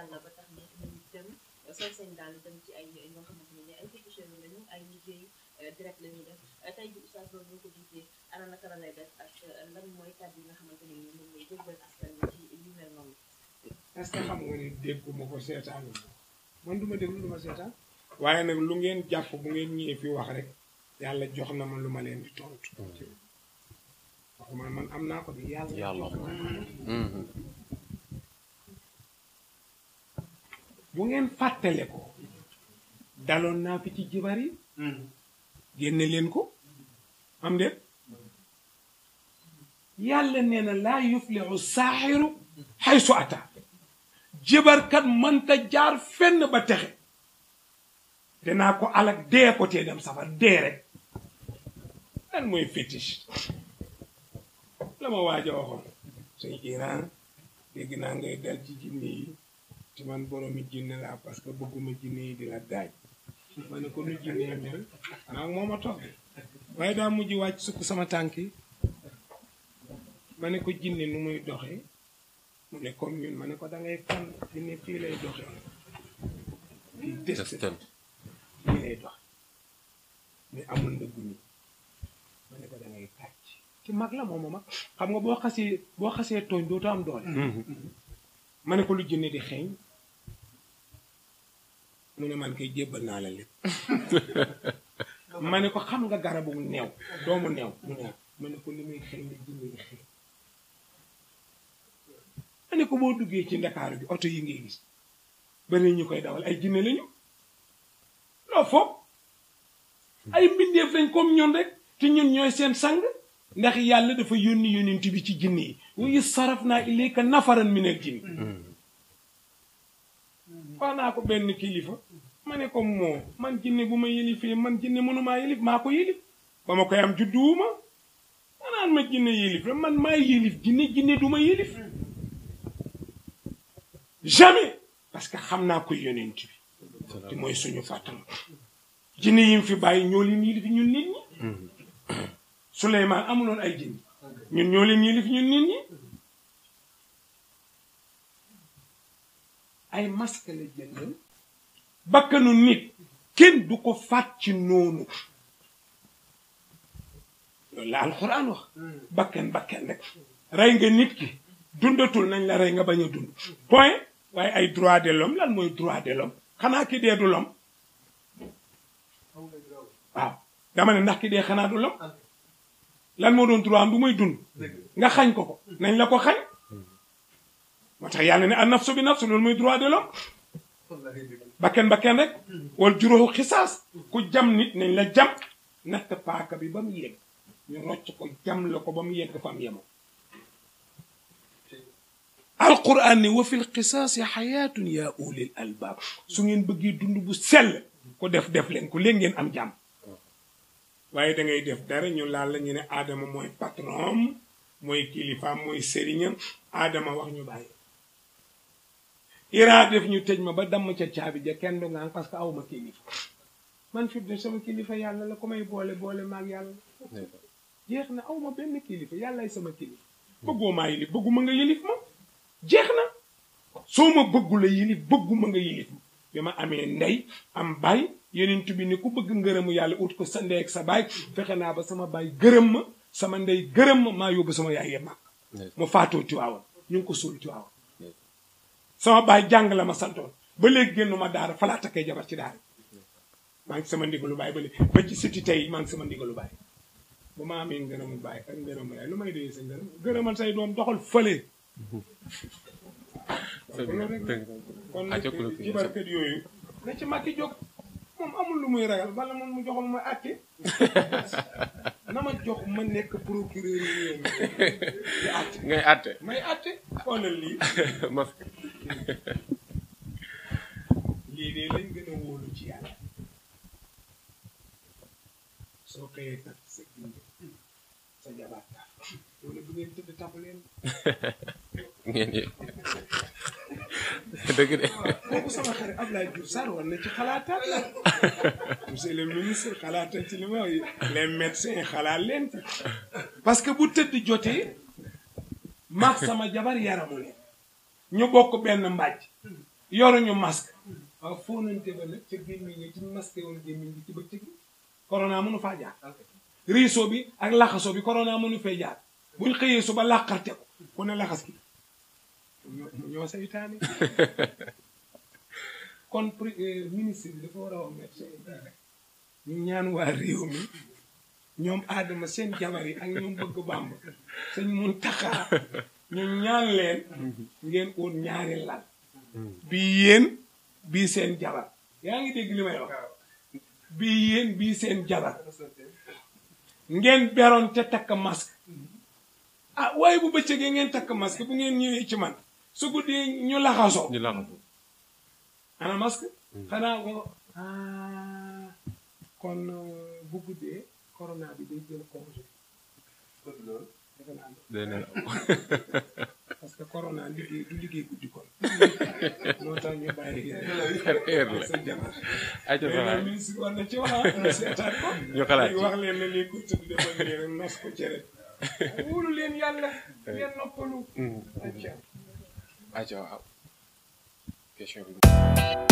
yàlla ba tax na ñu dem sol ci ay ñoo xamante ne ay féticheurs ay liggéey euh, la ñuy def euh, tey jii oustaz loolu ñoo ko gisee ana naka la lay def ak euh, lan mooy kàddu ne moom lay jébbal askan bi ci yu mel noonu. ni dégguma ko seetaanu man du ma déglu du ma seetaan waaye nag lu ngeen jàpp bu ngeen ñëwee fi wax rek yàlla jox na ma lu ma leen di tontu. Mm. waxuma man am naa ko de yàlla jox na ma bu ngeen fàttale ko daloon naa fi ci jibar yi mm-hmm. génne leen ko am de yàlla nee na laa yuflixu saaxiru xaysu ata jibarkat mënta jaar fenn ba texe danaa ko alag dee ko tee dem safar dee rek lan mooy fétiche la ma waaj waxoon sëñ Iran dégg naa ngay dal ci jinne ci man boroomi jinne laa parce que bëgguma jinne yi di la daaj ma ne ko nu jinne yi mel maa daa mujj wàcc sukk sama tànk ma ne ko jinne nu muy doxee mu ne comme ma ne ko dangay fan jinne fii lay doxee fii des fii lay dox mais amul ndëggu nii ma ne ko dangay kàcc ci mag la moom a mag xam nga boo xasee boo xasee tooñ dootoo am doole mm-hmm. ma ne ko lu jënne di xeeñ mu ne man koy jébbal naa la lépp ma ko xam nga garabu neew doomu neew mu ne ma ne ko li muy xeeñ la jënne di xeeñ ma ko boo duggee ci ndakaaru bi oto yi ngay gis bari ñu koy dawal ay jinne lañu loo foog ay mbindeef lañ comme ñun rek te ñun ñooy seen sang ndax yàlla dafa yónni yónent bi ci jinne yi wa is saraf naa ilayka nafaran minal jinni wax naa ko benn kilifa ma ne ko moo man jinne bu ma yëlifee man jinne mënumaa maa ko yëlif ba ma koy am judduwuma manaan jinne jinne du ma yëlif jamais parce que xam naa ko yónent bi te mooy suñu fàttal jinne yim fi bàyyi ñoo leen yëlif ñun nit ñi hmm. Souleymane amuloon ay jinn ñun ñoo leen yilif ñun nit ñi ay masque la jëndal bakkanu nit kenn du ko faat ci noonu loolu la alxuraan wax bakkan bakkan rek rey nga nit ki dundatul nañ la rey nga bañ a dund point waaye ay droit de l'homme lan mooy droit de l'homme xanaa ki dee du l'homme waaw dama ne ndax ki dee xanaa du l'homme lan moo doon droit am bu muy dund nga xañ ko ko nañ la ko xañ moo tax yàlla ne an nafsu bi nafsu loolu muy droit de l'homme bakken bakken rek wal juróoxu xisaas ku jam nit nañ la jam natt paaka bi ba mu yegg ñu rocc ko jam la ko ba mu yegg fa mu yemoo alquran ne wa fi lqisaasi xayaatun yaa ulil albaab su ngeen bëggee dund bu sell ko def def leen ko léegi ngeen am jàmm waaye da ngay def dara ñu laal la ñu ne aadama mooy patron mooy kilifaam mooy sëriñam aadama wax ñu bàyyi iraa def ñu tëj ma ba damm ca caabi ja kenn du ngaan parce que aw ma kilifa man fi de sama kilifa yàlla la ku may boole boole maag yàlla jeex na aw ma benn kilifa yàllaay sama kilifa bëggoo maa yilif bëgguma nga yilif ma jeex na soo ma bëggula la yilif bëgguma nga yilif bi ma amee ndey am baay yenent bi ni ku bëgg ngërëmu yàlla ut ko sa ndey ak sa baay fexe naa ba sama baay gërëm ma sama ndey gërëm ma maa yóbbu sama yaay yemma ma faatoo Tiwaawan ñu ngi ko suul Tiwaawan sama baay jàng la ma santoon ba léegi génnu ma daara falaa takkee ci daara maa sama ndigalu baay ba léegi ba ci siti tey maa ngi sama ndigalu baay bu ma amee ngërëmu baay ak ngërëmu yaay lu may dee sa ngërëm gërëmal say doom doxal fële kon nag ci yooyu na ci màkki jóg moom amul lu muy ragal bala man mu joxoon ma àtte na ma jox ma nekk procureur yi di àtte ngay àtte may àtte xoolal lii ma lii dee lañ gën a wóolu ci yàlla soo xëyee tak sa ginde sa jabaat taaf wala bu ngeen tëdd tabu leen ngeen dëgg de kooku sama xarit Abdoulaye Diouf Sarr war na ci xalaataat la monsieur le ministre xalaatal ci li ma wax les médecins xalaat leen parce que bu tëdd jotee maag sama jabar yaramu leen ñu bokk benn mbàjj yoruñu masque waaw fóonante ba nag ca gémmiñ ñi ci masque woon gémmiñ bi ci bëccëg corona mënu faa jaar riiso bi ak laxaso bi corona mënu fee jaar buñ xëyee suba làqarte ko ne laxas ki ñoo saytaane kon eh, ñu ñaan waa réew ñoom aadama seen jabar yi ak ñoom bëgg bàmb sëñ mun taxaa ñu ñaan leen ngeen oon ñaari lal mm-hmm. bii yéen bii seen jabar yaa ngi dégg li may wax bii yéen seen jabar ngeen beroon te takk masque mm-hmm. ah waaye bu bëccëgee ngeen takk masque bu ngeen ñëwee ci man su guddee ñu laxasoo. ñu laxasoo. ana masque. Mm. xanaa ko ah, kon euh, bu guddee corona bi day jël congé. defe naa day parce que corona liggéey du liggéey guddi kon. moo tax ñu bàyyi. heure la seen jamono. ayca salaam mais ci wax leen ne lii ku tudd ko cere. wóolu leen yàlla ngeen noppalu. Mm. aca waaw question bi